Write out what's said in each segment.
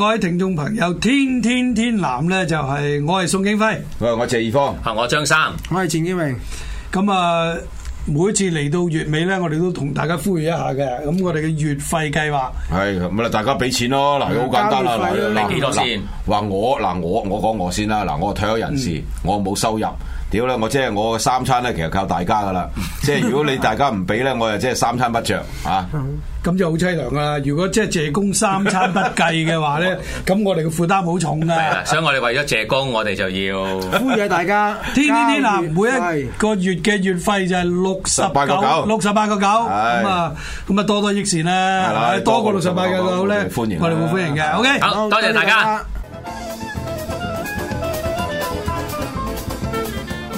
各位聽眾朋友，天天天藍咧，就係、是、我係宋景輝，我係我謝爾芳，吓我張生，我係錢建明。咁啊，每次嚟到月尾咧，我哋都同大家呼籲一下嘅。咁我哋嘅月費計劃係咁啊，大家俾錢咯，嗱，好簡單啦，嗱，你嚟幾多我我先？話我嗱，我我講我先啦，嗱，我係退休人士，嗯、我冇收入。屌啦！我即係我三餐咧，其實靠大家噶啦。即係如果你大家唔俾咧，我又即係三餐不著啊。咁就好淒涼噶啦。如果即係借公三餐不計嘅話咧，咁我哋嘅負擔好重噶。係啊，所以我哋為咗借公，我哋就要呼籲大家天天天啦，每一個月嘅月費就係六十八個九，六十八個九。係啊。咁啊，多多益善啊，多過六十八個九咧。歡迎，我哋會歡迎嘅。OK，好，多謝大家。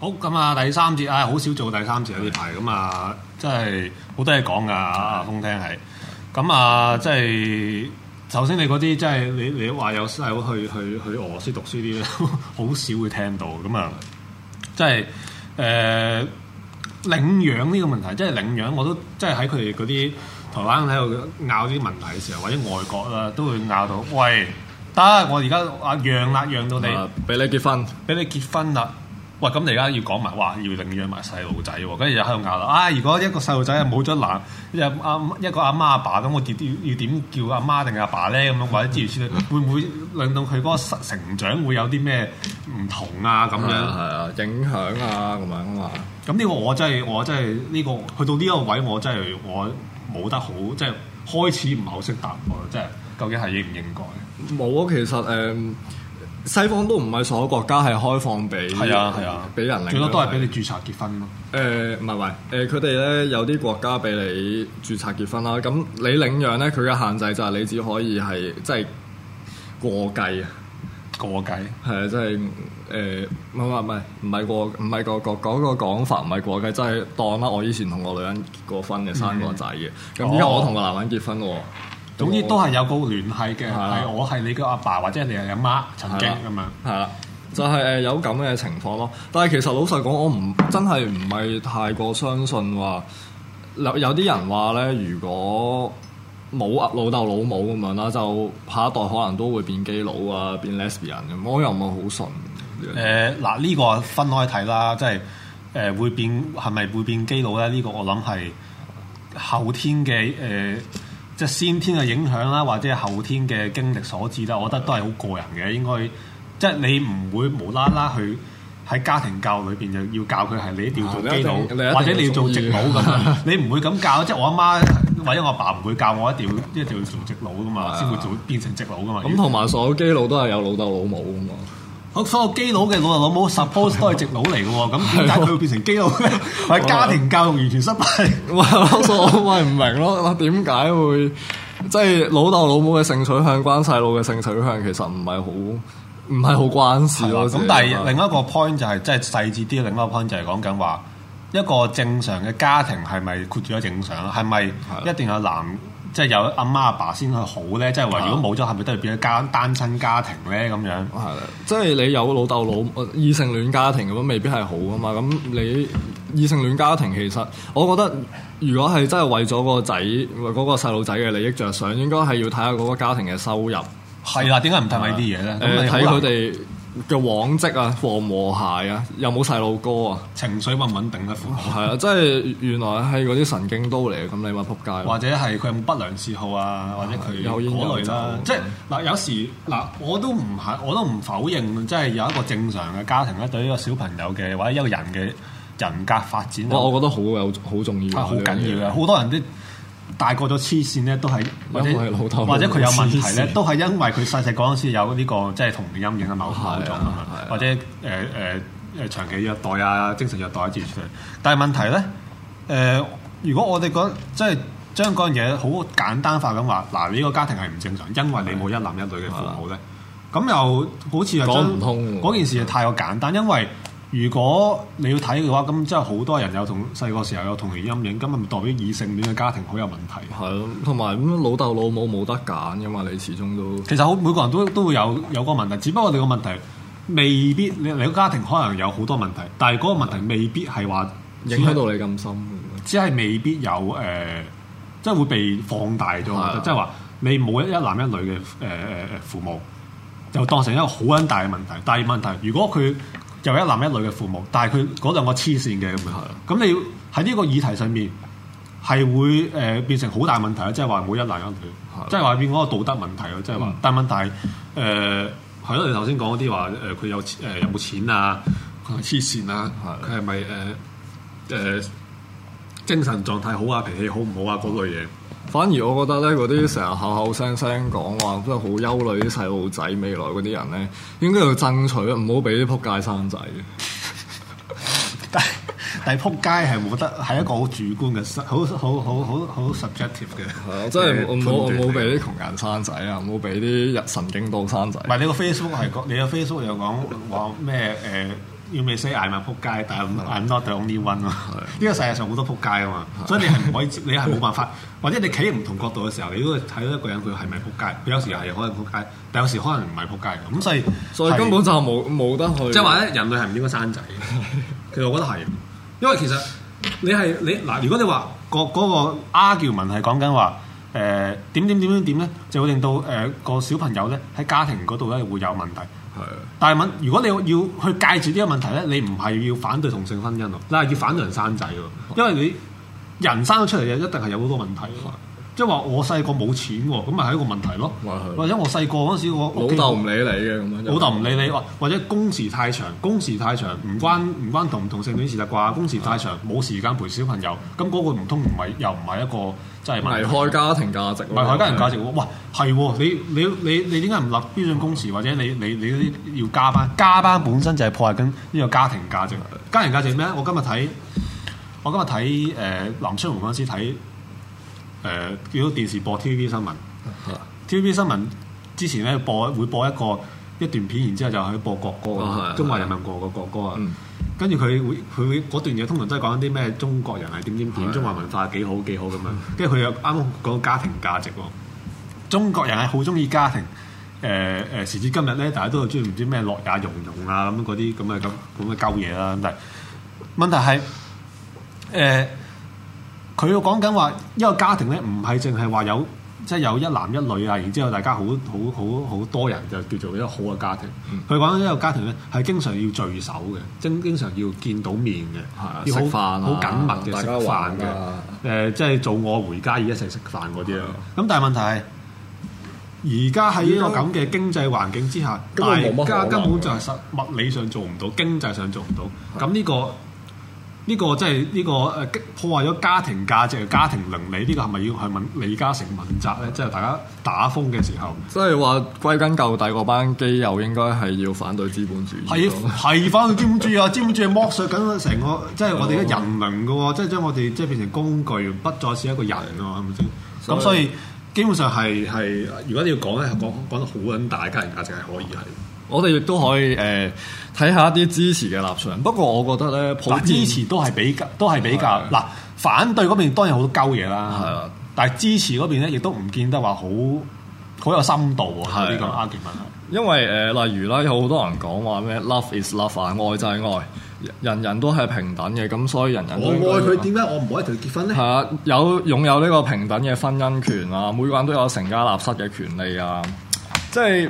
好，咁啊、嗯！第三節啊，好、哎、少做第三節的啊！呢排咁啊，真係好多嘢講噶啊！阿風聽係咁啊，即係首先你嗰啲即係你你話有細佬去去去俄羅斯讀書啲咧，好少會聽到咁啊！即係誒領養呢個問題，即係領養我都即係喺佢哋嗰啲台灣喺度拗啲問題嘅時候，或者外國啦，都會拗到喂得我而家啊讓啦，讓到你俾你結婚，俾你結婚啦！.喂，咁你而家要講埋，話要領養埋細路仔喎，跟住又喺度咬啦。啊，如果一個細路仔又冇咗男，又阿、嗯、一個阿媽阿爸，爸，咁我要要點叫阿媽定阿爸咧？咁樣或者諸如此類，會唔會令到佢嗰個成成長會有啲咩唔同啊？咁樣係啊，啊，影響啊咁樣啊。咁呢、嗯呢個我真係我真係呢個去到呢一個位，我真係、呢個、我冇得好，即係開始唔係好識答我即係究竟係應唔應該？冇啊，其實誒。嗯西方都唔係所有國家係開放俾係啊係啊，俾、啊、人領養，最多都係俾你註冊結婚咯。誒唔係唔係誒，佢哋咧有啲國家俾你註冊結婚啦。咁、嗯、你領養咧，佢嘅限制就係你只可以係即係過繼啊。過繼係啊，即係誒唔係唔係唔係過唔係個個嗰個講法唔係過繼計，即係、呃那個、當啦。我以前同個女人結過婚嘅，生過仔嘅。咁而家我同個男人結婚喎。總之都係有個聯繫嘅，係嘅我係你嘅阿爸，或者你係阿媽，曾經咁樣。係啦，就係誒有咁嘅情況咯。但係其實老實講，我唔真係唔係太過相信話有有啲人話咧，如果冇阿老豆老母咁樣啦，就下一代可能都會變基佬啊，變 lesbian 咁。我又冇好信。誒嗱，呢個分開睇啦，即係誒會變係咪會變基佬咧？呢個我諗係後天嘅誒。即係先天嘅影響啦，或者後天嘅經歷所致啦，我覺得都係好個人嘅，應該即係你唔會無啦啦去喺家庭教育裏邊就要教佢係你一定要做基佬，或者你要做直佬咁，你唔會咁教。即係我阿媽或者我阿爸唔會教我一定要一定要做直佬噶嘛，先 會做變成直佬噶嘛。咁同埋所有基佬都係有老豆老母噶嘛。好，所有基佬嘅老豆老母 suppose 都係直佬嚟嘅，咁點解佢會變成基佬嘅？係家庭教育完全失敗。 我我我唔明咯，我點解會即係、就是、老豆老母嘅性取向關細路嘅性取向其實唔係好唔係好關事咯。咁 但係另一個 point 就係即係細緻啲，另一個 point 就係講緊話一個正常嘅家庭係咪括住咗正常？係咪一定有男？ 即係有阿媽阿爸先去好咧，即係話如果冇咗，係咪都係變咗單親家庭咧，咁樣？係啦，即係你有老豆老母，異性戀家庭咁，未必係好噶嘛。咁你異性戀家庭其實，我覺得如果係真係為咗個仔，為、那、嗰個細路仔嘅利益着想，應該係要睇下嗰個家庭嘅收入。係啦，點解唔睇呢啲嘢咧？睇佢哋，呃嘅往績啊，放和，和諧啊，有冇細路哥啊，情緒唔穩定得。係、 哦、啊，即係原來係嗰啲神經刀嚟嘅，咁你話撲街，或者係佢有不良嗜好啊，或者佢嗰類啦、啊，啊、即係嗱、呃，有時嗱、呃，我都唔係，我都唔否認，即係有一個正常嘅家庭咧、啊，對一個小朋友嘅或者一個人嘅人格發展，我、嗯、我覺得好有好重要，好緊要啊，好多人啲。大過咗黐線咧，都係或者佢有問題咧，都係因為佢細細嗰陣時有呢、呢個即係童年陰影嘅 某種、啊啊、或者誒誒誒長期虐待啊、精神虐待一啲出嚟。但係問題咧，誒、呃、如果我哋講即係將嗰樣嘢好簡單化咁話，嗱你個家庭係唔正常，因為你冇一男一女嘅父母咧，咁、啊、又好似講唔通，嗰件事就太過簡單，因為。如果你要睇嘅話，咁即係好多人有同細個時候有童年陰影，咁係咪代表異性戀嘅家庭好有問題？係咯，同埋咁老豆老母冇得揀嘅嘛，你始終都其實好每個人都都會有有個問題，只不過你個問題未必你你個家庭可能有好多問題，但係嗰個問題未必係話影響到你咁深，只係未必有誒、呃，即係會被放大咗。了即係話你冇一男一女嘅誒誒誒父母，就當成一個好撚大嘅問題。第二問題，如果佢就一男一女嘅父母，但係佢嗰兩個黐線嘅咁樣，咁的你喺呢個議題上面係會誒、呃、變成好大問題啊！即係話每一男一女，即係話變嗰個道德問題咯，即係話。嗯、但問題係誒係咯，呃、你頭先講嗰啲話誒，佢、呃、有誒、呃、有冇錢啊？黐線啊！佢係咪誒誒？精神狀態好啊，脾氣好唔好啊，嗰類嘢。反而我覺得咧，嗰啲成日口口聲聲講話真係好憂慮啲細路仔未來嗰啲人咧，應該要爭取，唔好俾啲撲街生仔。 但係撲街係冇得，係一個好主觀嘅， 好好好好好 subjective 嘅。係啊，真係唔好唔好俾啲窮人生仔啊，唔好俾啲神經當生仔。唔係你個 Facebook 係講，你個 Facebook 又講話咩誒？要未 say I'm 撲街，但係 I'm not the only one 咯。呢個世界上好多撲街啊嘛， 所以你係唔可以，你係冇辦法， 或者你企唔同角度嘅時候，你都會睇到一個人佢係咪撲街。佢 有時係可能撲街，但有時可能唔係撲街。咁所以，所以根本就冇冇得去。即係話咧，人類係唔應該生仔。 其實我覺得係，因為其實你係你嗱，如果你話、那個嗰個 argument 係講緊話，誒點點點點點咧，就會令到誒、呃那個小朋友咧喺家庭嗰度咧會有問題。但係問，如果你要去解住呢個問題咧，你唔係要反對同性婚姻喎，你係要反對人生仔喎，因為你人生咗出嚟嘅一定係有好多問題，即係話我細個冇錢喎，咁咪係一個問題咯的，或者我細個嗰陣時我老豆唔理你嘅咁樣，老豆唔理你，或或者工時太長。工時太長唔關唔關同唔同性別同性戀事實啩，工時太長冇的時間陪小朋友，咁嗰個唔通唔係又唔係一個？危害家庭價值，危害家庭價值喎，喂的，係喎，你你你你點解唔立標準工時或者你你你啲要加班？加班本身就係破壞緊呢個家庭價值。的家庭價值咩？我今日睇，我今日睇誒藍春紅嗰陣時睇誒，見、呃、到、呃、電視播 T V B 新聞，T V B 新聞之前咧播會播一個一段片，然之後就去播國歌，中華人民國嘅國歌啊。跟住佢會佢會嗰段嘢通常都係講緊啲咩中國人係點點點，嗯、中華文化幾好幾好咁樣。跟住佢又啱啱講個家庭價值喎，中國人係好中意家庭。誒、呃、誒，時至今日咧，大家都係中意唔知咩樂也融融啊咁嗰啲咁嘅咁咁嘅鳩嘢啦。但問題係誒，佢要講緊話一個家庭咧，唔係淨係話有。即係有一男一女啊，然之後大家好好好好多人就叫做一個好嘅家庭。佢講呢個家庭咧係經常要聚首嘅，經常要見到面嘅，的要好好緊密嘅、啊、食飯嘅，誒、呃、即係做我回家要一齊食飯嗰啲咯。咁但係問題係，而家喺呢個咁嘅經濟環境之下，在大家根本就係實物理上做唔到，經濟上做唔到，咁呢的、呢個。呢個即係呢個誒破壞咗家庭價值、家庭倫理，呢個係咪要去問李嘉誠問責咧？即係大家打風嘅時候，所以話歸根究底，嗰班基友應該係要反對資本主義。 係係反對資本主義啊！資本主義剝削緊成個，即係我哋嘅人民嘅喎，即係將我哋即係變成工具，不再是一個人咯，係咪先？咁所以基本上係係，如果你要講咧，講講得好撚大，家庭價值係可以係。我哋亦都可以誒睇下一啲支持嘅立場，不過我覺得咧，支持都係比，比較都係比較嗱，的反對嗰邊當然好多鳩嘢啦，係啊的，但係支持嗰邊咧亦都唔見得話好好有深度喎呢個啱結婚，的因為誒、呃、例如啦，有好多人講話咩 Love is love 啊，愛就係愛，人人都係平等嘅，咁所以人人都我愛佢，點解我唔可以同佢結婚咧？係啊，有擁有呢個平等嘅婚姻權啊，每個人都有成家立室嘅權利啊，即係。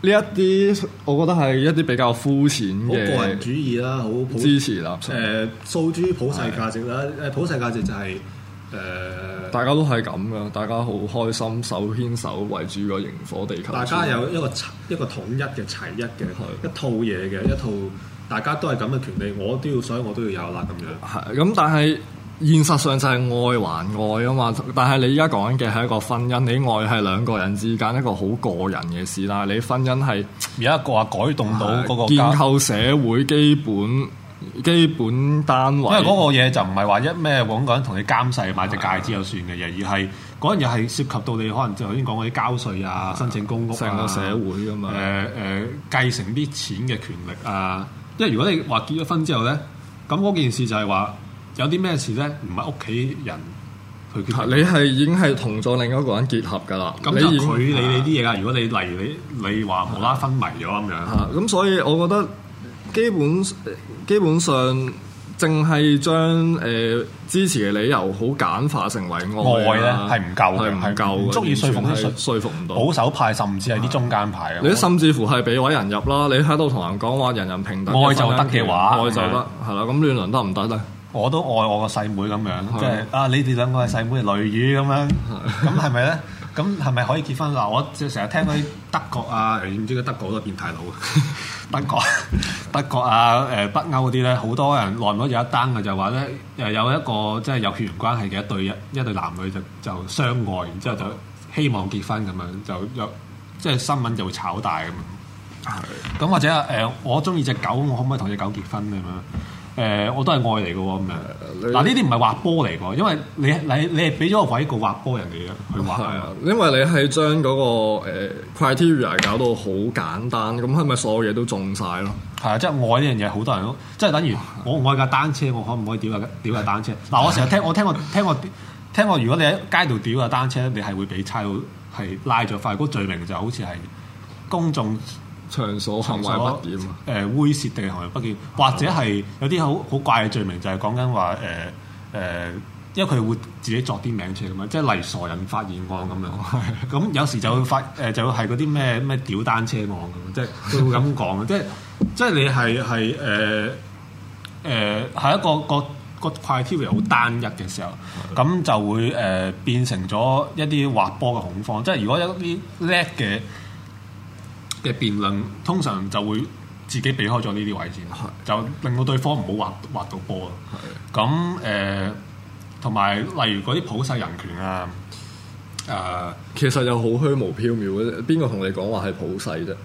呢一啲，我覺得係一啲比較膚淺嘅個人主義啦，好支持啦。誒、啊，訴諸、呃、普世價值啦。誒的，普世價值就係、是、誒、呃，大家都係咁㗎，大家好開心，手牽手圍住個螢火地球。大家有一個一個統一嘅齊一嘅佢的一套嘢嘅一套，大家都係咁嘅權利，我都要，所以我都要有啦。咁樣係咁，但係。現實上就係愛還愛啊嘛，但係你而家講緊嘅係一個婚姻，你愛係兩個人之間一個好個人嘅事，但你婚姻係而家話改動到嗰個建構社會基本基本單位，因為嗰個嘢就唔係話一咩揾是的、個人同你監誓買隻戒指就算嘅嘢，而係嗰樣嘢係涉及到你可能頭先講嗰啲交稅啊、申請公屋啊、成個社會啊嘛，誒誒、呃呃、繼承啲錢嘅權力啊，因為如果你話結咗婚之後咧，咁嗰件事就係話。有啲咩事咧？唔係屋企人去決定，你係已經係同咗另一個人結合噶啦。咁就佢理你啲嘢噶。如果你例如你你話無啦啦昏迷咗咁樣，咁所以我覺得基本基本上淨係將誒支持嘅理由好簡化成為愛咧，係唔夠係唔夠，足以説服啲説服唔到保守派，甚至係啲中間派啊。你甚至乎係俾位人入啦。你喺度同人講話人人平等愛就得嘅話，愛就得係啦。咁亂倫得唔得啊？我都愛我個細妹咁樣，即係、嗯就是、啊！是你哋兩個係細妹,妹，雷雨咁樣，咁係咪咧？咁係咪可以結婚嗱？我成日聽嗰啲德國啊，唔知個德國好多變態佬 德國、德國啊，誒北歐嗰啲咧，好多人耐唔耐有一單嘅，就話咧誒有一個即係、就是、有血緣關係嘅一對一一對男女就就相愛，然之後就是、希望結婚咁樣，就有即係、就是、新聞就會炒大咁。咁是或者誒、呃，我中意隻狗，我可唔可以同隻狗結婚咁樣？誒、呃，我都係愛嚟嘅喎，咁樣嗱，呢啲唔係滑波嚟嘅，因為你你你係俾咗個位個滑波人哋嘅去滑，係啊，因為你係將嗰個、呃、criteria 搞到好簡單，咁係咪所有嘢都中晒咯？係啊，即係愛呢樣嘢好多人咯，即係等於我愛架單車，我可唔可以屌下屌下單車？嗱，我成日聽我聽我聽我聽我，如果你喺街度屌下單車，你係會俾差佬係拉咗塊，嗰、那個、罪名就好似係公眾。場所行為不檢，誒、呃、猥褻地行為不檢，的或者係有啲好好怪嘅罪名就說說，就係講緊話誒誒，因為佢會自己作啲名詞咁樣，即係嚟傻人發現案咁樣。咁的 有時就會發誒、呃，就會係嗰啲咩咩屌單車案咁的，即係佢會咁講。即係即係你係係誒誒，係、呃呃、一個個個 criteria 好單一嘅時候，咁的就會誒、呃、變成咗一啲滑坡嘅恐慌。即係如果有一啲叻嘅。嘅辯論通常就會自己避開咗呢啲位置，是的 就令到對方唔好滑滑到波咯。咁誒是的，同、呃、埋例如嗰啲普世人權啊，誒、呃，其實又好虛無縹緲嘅。邊個同你講話係普世啫？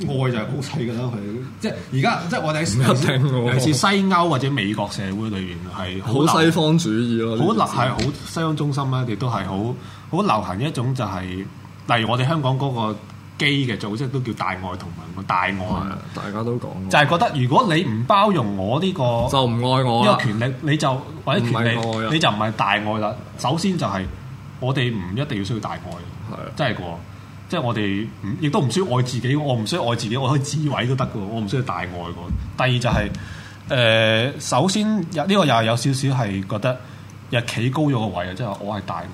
愛就係普世噶啦，佢 即係而家，即係我哋尤其是西歐或者美國社會裏邊係好西方主義咯，好立係好西方中心啦，亦都係好好流行一種就係、是，例如我哋香港嗰、那個。基嘅組織都叫大愛同埋大愛，大家都講，就係覺得如果你唔包容我呢個，就唔愛我呢個權力你就，或者權利，你就唔係大愛啦。首先就係我哋唔一定要需要大愛，係真係㗎，即係我哋亦都唔需要愛自己，我唔需要愛自己，我可以自毀都得嘅，我唔需要大愛㗎。第二就係誒，首先有呢個又係有少少係覺得又企高咗個位啊，即係我係大愛。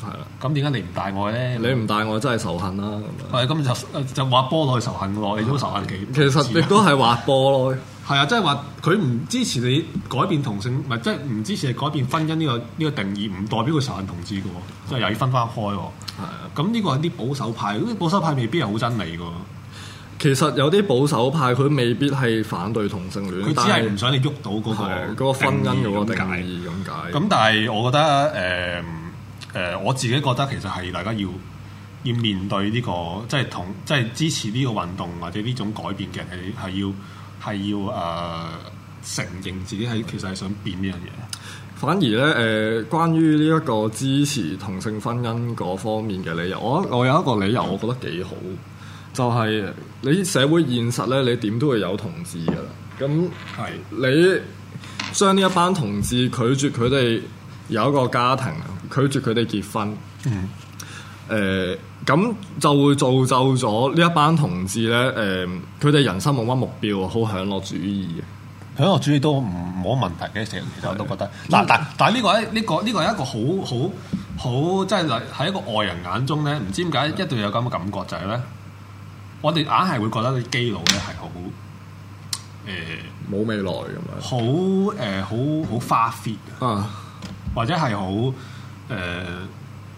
係啦，咁點解你唔大愛咧？你唔大愛真係仇恨啦！係咁就就話波內仇恨喎，的你都仇恨幾？其實亦都係話波咯，係啊， 即係話佢唔支持你改變同性，唔係即係唔支持你改變婚姻呢、這個呢、這個定義，唔代表佢仇恨同志嘅，即係的又要分翻開。係啊的，咁呢個係啲保守派，保守派未必係好憎你嘅。其實有啲保守派佢未必係反對同性戀，佢只係唔想你喐到嗰個嗰個婚姻嘅定義咁解。咁但係我覺得誒。呃誒、呃，我自己覺得其實係大家要要面對呢、這個，即係同即係支持呢個運動或者呢種改變嘅人係要係要誒承認自己係其實係想變呢樣嘢。反而咧誒、呃，關於呢一個支持同性婚姻嗰方面嘅理由，我我有一個理由，我覺得幾好，就係、是、你社會現實咧，你點都會有同志㗎喇。咁係你將呢一班同志拒絕佢哋有一個家庭。拒絕佢哋結婚，誒咁、嗯呃、就會造就咗呢一班同志咧。誒、呃，佢哋人生冇乜目標，好享樂主義啊，享樂主義都唔冇問題嘅。其其實我都覺得，嗱是但，但但、這、呢個呢、呢個呢、呢個係一個好好好，即係喺一個外人眼中咧，唔知點解的一度有咁嘅感覺就係、是、咧，我哋硬係會覺得啲基佬咧係好誒冇未來咁樣、呃，好誒好好花 fit 啊，或者係好。誒、呃，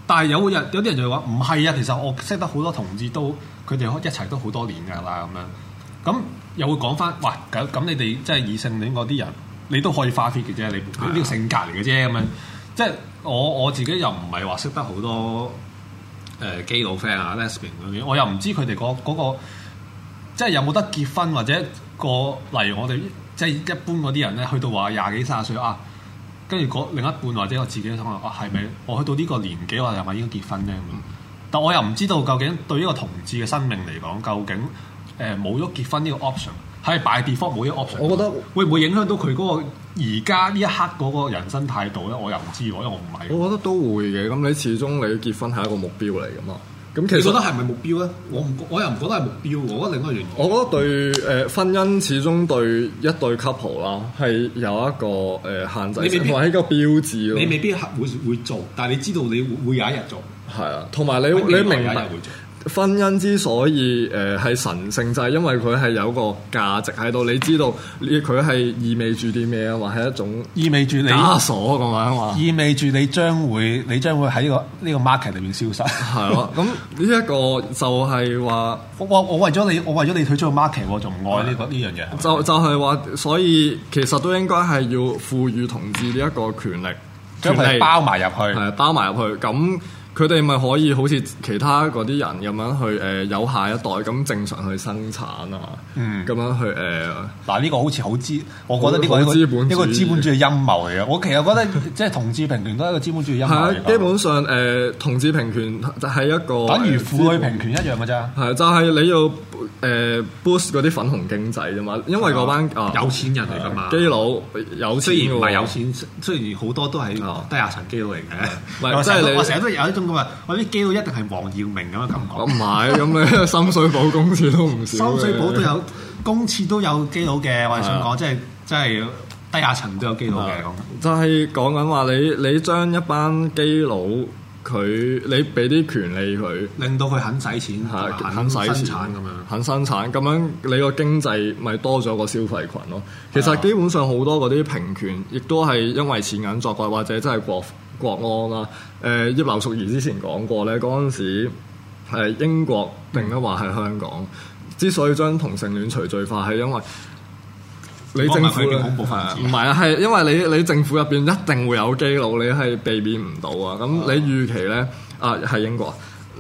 但係有個有啲人就話唔係啊，其實我識得好多同志都佢哋可一齊都好多年㗎啦咁樣，咁又會講翻，喂咁你哋即係異性戀嗰啲人，你都可以花費嘅啫，你呢啲是、啊、性格嚟嘅啫咁樣，即係我我自己又唔係話識得好多誒基佬 friend 啊 lesbian 嗰啲，我又唔知佢哋嗰個、嗰個、即係有冇得結婚或者、嗰個例如我哋即係一般嗰啲人咧，去到話廿幾卅歲啊。跟住另一半或者我自己都想話，哇、啊，係咪我去到呢個年紀，我係咪應該結婚呢？嗯、但我又唔知道究竟對於個同志嘅生命嚟講，究竟誒冇咗結婚呢個 option，係 by default 冇咗 option。我覺得會唔會影響到佢嗰、嗰個而家呢一刻嗰個人生態度咧？我又唔知喎，因為我唔係。我覺得都會嘅，咁你始終你結婚係一個目標嚟㗎嘛。咁其實你覺得係咪目標咧？我唔，我又唔覺得係目標。我覺得另一個原因，我覺得對誒、呃、婚姻，始終對一對 couple 啦，係有一個誒、呃、限制，成為一個標誌咯。你未必會會，會做，但係你知道你會，會有一日做。係啊，同埋你你，會做你明白。婚姻之所以誒係、呃、神聖，就係、是、因為佢係有個價值喺度。你知道佢係意味住啲咩啊？或係一種意味住你鎖咁樣話，意味住你將會你將會喺呢、這個呢、這個 market 裏面消失。係咯、啊，咁呢一個就係話我我我為咗你，我為咗你退出個 market，我仲唔愛呢、這個呢樣嘢。就就係話，所以其實都應該係要賦予同志呢一個權力，將佢哋力包埋入去，係對包埋入去。咁去。佢哋咪可以好似其他嗰啲人咁樣去誒、呃、有下一代咁正常去生產啊，嘛嗯咁樣去誒嗱呢個好似好知我覺得呢個係一個資本主義陰謀嚟嘅。我其實覺得即係同志平權都係一個資本主義陰謀、啊、基本上誒、呃、同志平權就係一個等於婦女平權一樣㗎啫。係、啊、就係、是、你要誒、呃、boost 嗰啲粉紅經濟啫嘛，因為嗰班、啊、有錢人嚟㗎嘛，啊、基佬有雖然唔係有錢，雖然好多都係低下層基佬嚟嘅。唔係即係你，成日、啊、都有一種。我啲基佬一定係黃耀明咁嘅感覺、啊。我唔係，咁咧 深水埗公廁都唔少。深水埗都有 公廁都有基佬嘅，我哋想講、啊、即係即係低下層都有基佬嘅、啊。就係講緊話你你將一班基佬佢，你俾啲權利，佢，令到佢肯使錢，啊、肯使錢咁樣，肯生產咁樣，你個經濟咪多咗個消費群咯。其實基本上好多嗰啲平權，亦都係因為錢銀作怪，或者真係過。國安啦，誒、呃、葉劉淑儀之前講過咧，嗰陣時係英國定一話係香港，之所以將同性戀除罪化係因為你政府，唔係啊，係因為你你政府入邊一定會有基佬，你係避免唔到啊，咁你預期咧、oh. 啊，係英國。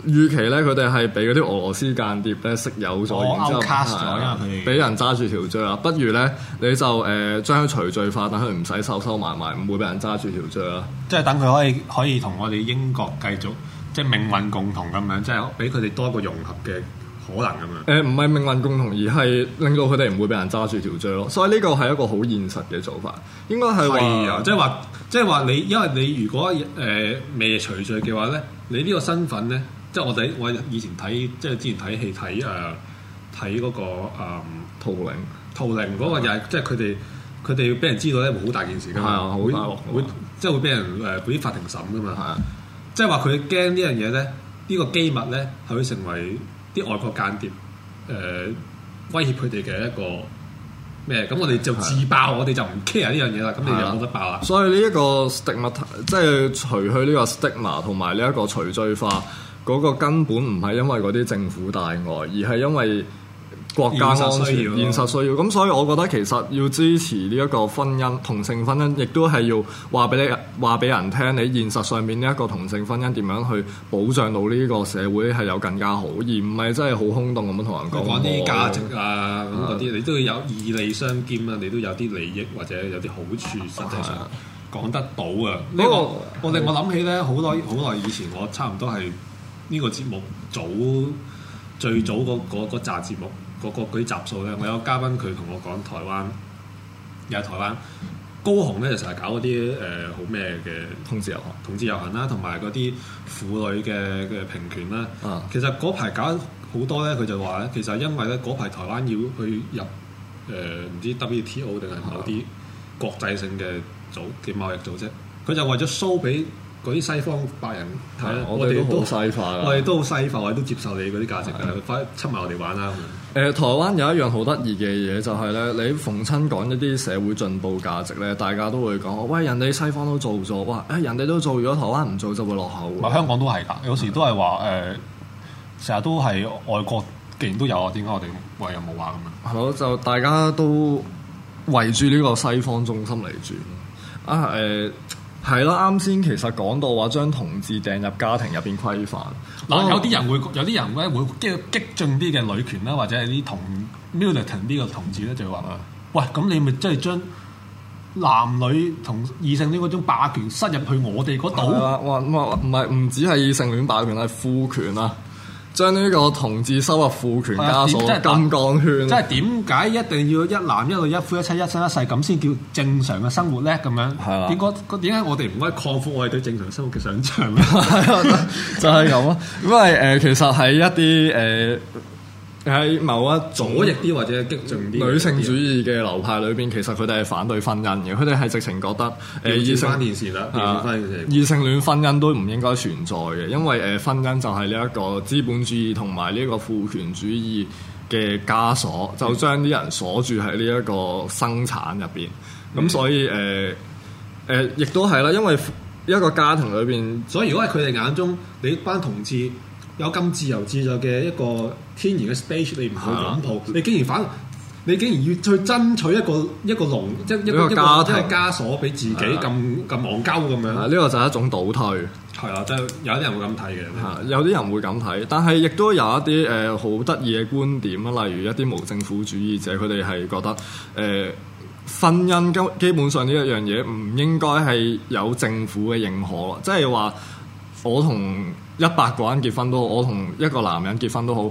預期咧，佢哋係俾嗰啲俄羅斯間諜咧識有咗，哦、然之後卡咗俾人揸住條罪啊！不如咧，你就誒、呃、將佢除罪化，等佢唔使收收埋埋，唔會俾人揸住條罪啦。即係等佢可以可以同我哋英國繼續即係命運共同咁樣，即係俾佢哋多一個融合嘅可能咁樣。誒、呃，唔係命運共同，而係令到佢哋唔會俾人揸住條罪咯。所以呢個係一個好現實嘅做法，應該係可以啊。即係話，即係話你，因為你如果誒未除罪嘅話咧，你呢個身份咧。即係我哋，我以前睇，即係之前睇戲睇，誒睇嗰個誒，圖靈圖靈，嗰個就係是的 即係佢哋佢哋，要俾人知道咧，好大件事㗎嘛，會即會即係會俾人誒，啲、呃、法庭審㗎嘛，是的 即係話佢驚呢樣嘢咧，呢、呢個機密咧係會成為啲外國間諜誒、呃、威脅佢哋嘅一個咩咁？我哋就自爆，是的 我哋就唔 care 呢樣嘢啦。咁你就冇得爆啦。所以呢一個 stigma，即係除去呢個 stigma 同埋呢一個除罪化。 嗰個根本唔係因為嗰啲政府大愛，而係因為國家需要，現實需要。咁所以，我覺得其實要支持呢一個婚姻同性婚姻，亦都係要話俾你話俾人聽，你現實上面呢一個同性婚姻點樣去保障到呢個社會係有更加好，而唔係真係好空洞咁樣同人講。講啲價值啊，咁啲、啊、你都要有義利相兼啊，你都有啲利益或者有啲好處，實際上講得到嘅呢、啊呢個，我令我諗起咧，是好耐好耐以前，我差唔多係。呢個節目早最早嗰嗰嗰扎節目嗰嗰嗰集數咧，我有嘉賓佢同我講台灣，又係台灣高雄咧，就成日搞嗰啲誒好咩嘅同志遊行、同志遊行啦，同埋嗰啲婦女嘅嘅平權啦。嗯、其實嗰排搞好多咧，佢就話咧，其實因為咧嗰排台灣要去入誒唔、呃、知 WTO 定係某啲國際性嘅組嘅貿易組織，佢就為咗 show 俾。嗰啲西方白人，對我哋都好西化，我哋都好西化，我哋對都接受你嗰啲價值，誒對，快出埋我哋玩啦！誒、呃，台灣有一樣好得意嘅嘢就係、是、咧，你逢親講一啲社會進步價值咧，大家都會講，喂，人哋西方都做咗，哇，誒，人哋都做，如果台灣唔做，就會落後。咪香港都係㗎，有時都係話誒，成日對、呃、都係外國既然都有啊，點解我哋喂，有冇話咁樣？係咯，就大家都圍住呢個西方中心嚟轉啊誒。呃係咯，啱先其實講到話將同志掟入家庭入邊規範，嗱、啊、有啲人會有啲人咧會激激進啲嘅女權啦，或者係啲同 militant 啲個同志咧就話：喂，咁你咪即係將男女同異性戀嗰種霸權塞入去我哋嗰度？哇哇，唔係，唔止係異性戀霸權，係父權啊！將呢個同志收入父權枷鎖金剛圈，啊、即係點解一定要一男一女一夫一妻一生一世咁先叫正常嘅生活咧？咁樣，係啦、啊。點解點解我哋唔可以擴闊我哋對正常生活嘅想像咧、啊？就係咁啊！ 因為誒、呃，其實喺一啲誒、呃喺某一左翼啲或者激進啲女性主義嘅流派裏邊，其實佢哋係反對婚姻嘅，佢哋係直情覺得，轉翻、呃、異性戀婚姻都唔應該存在嘅，因為誒婚姻就係呢一個資本主義同埋呢一個父權主義嘅枷鎖，就將啲人鎖住喺呢一個生產入邊。咁、嗯、所以誒誒、呃呃，亦都係啦，因為一個家庭裏邊，所以如果喺佢哋眼中，你班同志。有咁自由自在嘅一個天然嘅 space，你唔去擁抱，你竟然反，你竟然要去爭取一個一個籠，一個、嗯、即一個枷鎖俾自己咁咁戇鳩。咁、啊、樣。呢、啊這個就係一種倒退。係啊，就有啲人會咁睇嘅。係有啲人會咁睇，但係亦都有一啲誒好得意嘅觀點啦，例如一啲無政府主義者，佢哋係覺得誒、呃、婚姻基本上呢一樣嘢唔應該係有政府嘅認可咯，即係話我同。一百個人結婚都好，我同一個男人結婚都好，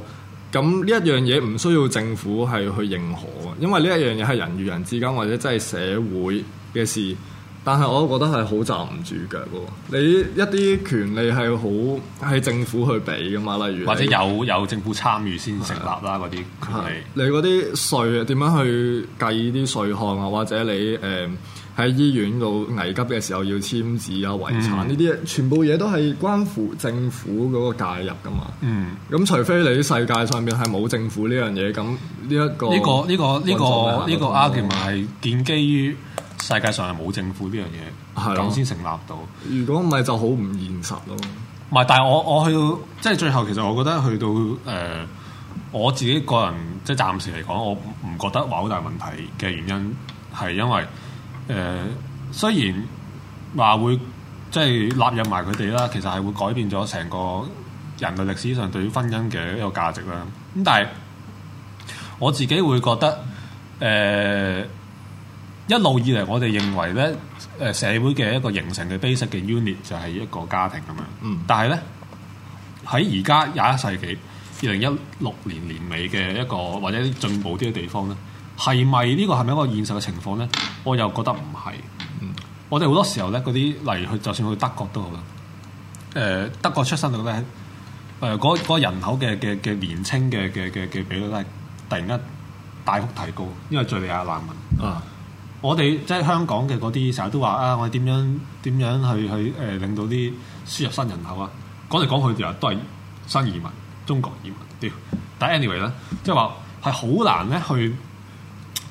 咁呢一樣嘢唔需要政府係去認可，因為呢一樣嘢係人與人之間，或者真係社會嘅事。但係我覺得係好站唔住腳喎。你一啲權利係好係政府去畀㗎嘛，例如或者有有政府參與先成立啦嗰啲權利，你嗰啲稅點樣去計啲稅項啊？或者你誒，呃喺醫院度危急嘅時候要簽字啊、遺產呢啲全部嘢都係關乎政府嗰個介入噶嘛。咁、嗯、除非你世界上面係冇政府呢樣嘢、這個，咁呢一個呢樣個呢個呢個呢個 argument 係建基於世界上係冇政府呢樣嘢，係咁先成立到。如果唔係，就好唔現實咯。唔係，但係我我去到即係最後，其實我覺得去到誒、呃、我自己個人即係暫時嚟講，我唔覺得話好大問題嘅原因係因為。誒、呃，雖然話會即係納入埋佢哋啦，其實係會改變咗成個人類歷史上對於婚姻嘅一個價值啦。咁但係我自己會覺得，誒、呃、一路以嚟我哋認為咧，誒社會嘅一個形成嘅 basic 嘅 unit 就係一個家庭咁樣。嗯。但係咧喺而家廿一世紀二零一六年年尾嘅一個或者進步啲嘅地方咧。係咪呢個係咪一個現實嘅情況咧？我又覺得唔係。嗯、我哋好多時候咧，嗰啲例如去，就算去德國都好啦。誒、呃，德國出生率咧，誒、呃、嗰人口嘅嘅嘅年青嘅嘅嘅嘅比率咧，突然間大幅提高，因為敍利亞難民、嗯嗯、啊。我哋即係香港嘅嗰啲成日都話啊，我哋點樣點樣去去誒、呃，令到啲輸入新人口啊。講嚟講去，其實都係新移民、中國移民。但係 anyway 咧，即係話係好難咧去。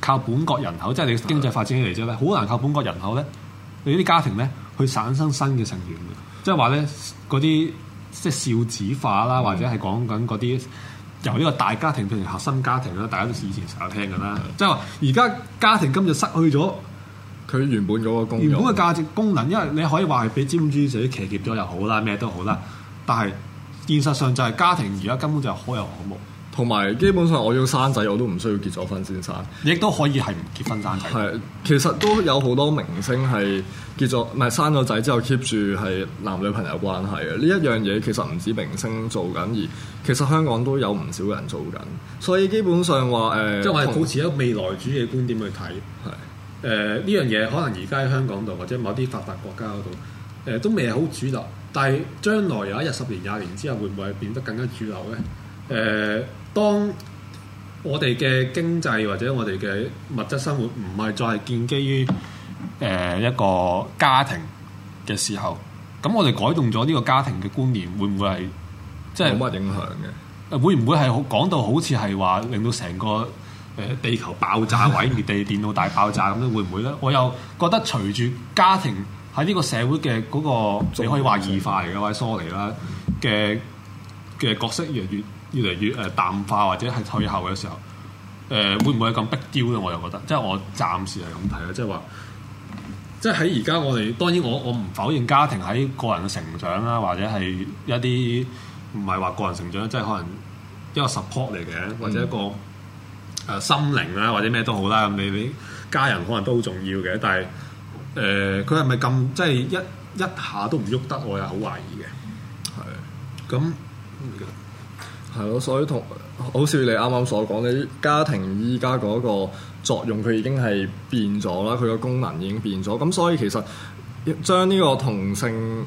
靠本國人口，即係你經濟發展起嚟啫咩？好、嗯、難靠本國人口咧，你啲家庭咧去產生新嘅成員，即係話咧嗰啲即係少子化啦，嗯、或者係講緊嗰啲由呢個大家庭變成核心家庭啦，嗯、大家都以前成日聽㗎啦。嗯、即係話而家家庭根本失去咗佢原本嗰個功能，原本嘅價值功能，因為你可以話係俾資本主義騎劫咗又好啦，咩都好啦，但係現實上就係家庭而家根本就係可有可無。同埋基本上，我要生仔我都唔需要結咗婚先生，亦都可以係唔結婚生。係，其實都有好多明星係結咗唔係生咗仔之後 keep 住係男女朋友關係嘅。呢一樣嘢其實唔止明星做緊，而其實香港都有唔少人做緊。所以基本上話誒，呃、即係我係保持一個未來主義嘅觀點去睇。係誒呢樣嘢可能而家喺香港度或者某啲發達國家度誒、呃、都未係好主流，但係將來有一日十年、廿年之後會唔會變得更加主流咧？誒、呃。當我哋嘅經濟或者我哋嘅物質生活唔係再係建基於誒一個家庭嘅時候，咁我哋改動咗呢個家庭嘅觀念，會唔會係即係冇乜影響嘅？誒，會唔會係講到好似係話令到成個誒地球爆炸位、毀滅地、電腦大爆炸咁咧？會唔會咧？我又覺得隨住家庭喺呢個社會嘅嗰個，你可以話異化嚟嘅或者疏離啦嘅嘅角色越嚟越。越嚟越誒淡化或者係退後嘅時候，誒、呃、會唔會咁逼雕咧？我又覺得，即係我暫時係咁睇啦，即係話，即係喺而家我哋當然我我唔否認家庭喺個人嘅成長啦，或者係一啲唔係話個人成長，即係可能一個 support 嚟嘅，嗯、或者一個誒心靈啦，或者咩都好啦，咁你你家人可能都好重要嘅，但係誒佢係咪咁即係一一下都唔喐得？我又好懷疑嘅，係咁。係咯，所以同好似你啱啱所講，你家庭依家嗰個作用，佢已經係變咗啦，佢個功能已經變咗。咁所以其實將呢個同性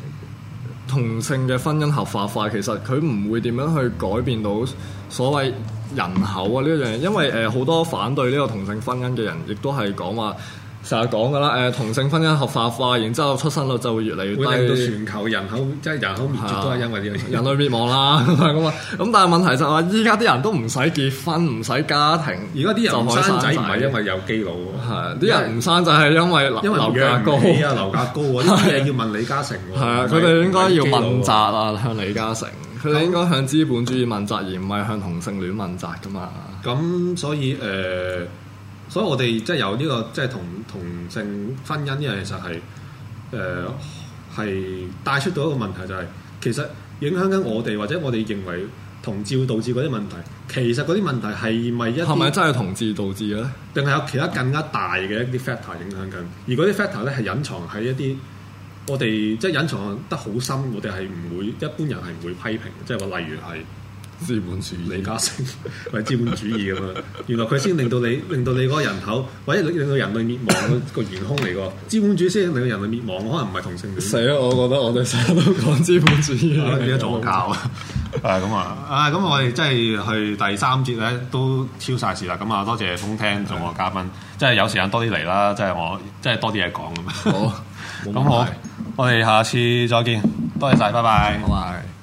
同性嘅婚姻合法化，其實佢唔會點樣去改變到所謂人口啊呢一樣嘢，因為誒好、呃、多反對呢個同性婚姻嘅人，亦都係講話。成日講噶啦，誒同性婚姻合法化，然之後出生率就會越嚟越低。令到全球人口即係人口滅絕都係因為呢樣嘢。人類滅亡啦，咁啊咁，但係問題就係依家啲人都唔使結婚，唔使家庭。而家啲人唔生仔唔係因為有基佬，係啲人唔生仔係因為樓價高。係啊，樓價高啊，啲嘢要問李嘉誠喎。係啊，佢哋應該要問責啊向李嘉誠，佢哋應該向資本主義問責，而唔係向同性戀問責噶嘛。咁所以誒。所以我哋即係由呢個即係、就是、同同性婚姻呢樣其實係，誒、呃，係帶出到一個問題、就是，就係其實影響緊我哋，或者我哋認為同志會導致嗰啲問題，其實嗰啲問題係咪一係咪真係同志導致嘅咧？定係有其他更加大嘅一啲 factor 影響緊，而嗰啲 factor 咧係隱藏喺一啲我哋即係隱藏得好深，我哋係唔會一般人係唔會批評，即係話例如係。資本主義，李嘉誠佢係資本主義咁樣，原來佢先令到你，令到你嗰人口，或者令到人類滅亡個元兇嚟個資本主義先令到人類滅亡，可能唔係同性戀。死啊！我覺得我哋成日都講資本主義啊，點樣作教啊？咁啊！啊咁，啊啊啊我哋真係去第三節咧都超晒時啦！咁啊，多謝 Fung Tang，同我嘉賓，的即係有時間多啲嚟啦！即係我，即係多啲嘢講咁啊！好咁好，攝我哋下次再見，多謝晒，拜拜，拜拜。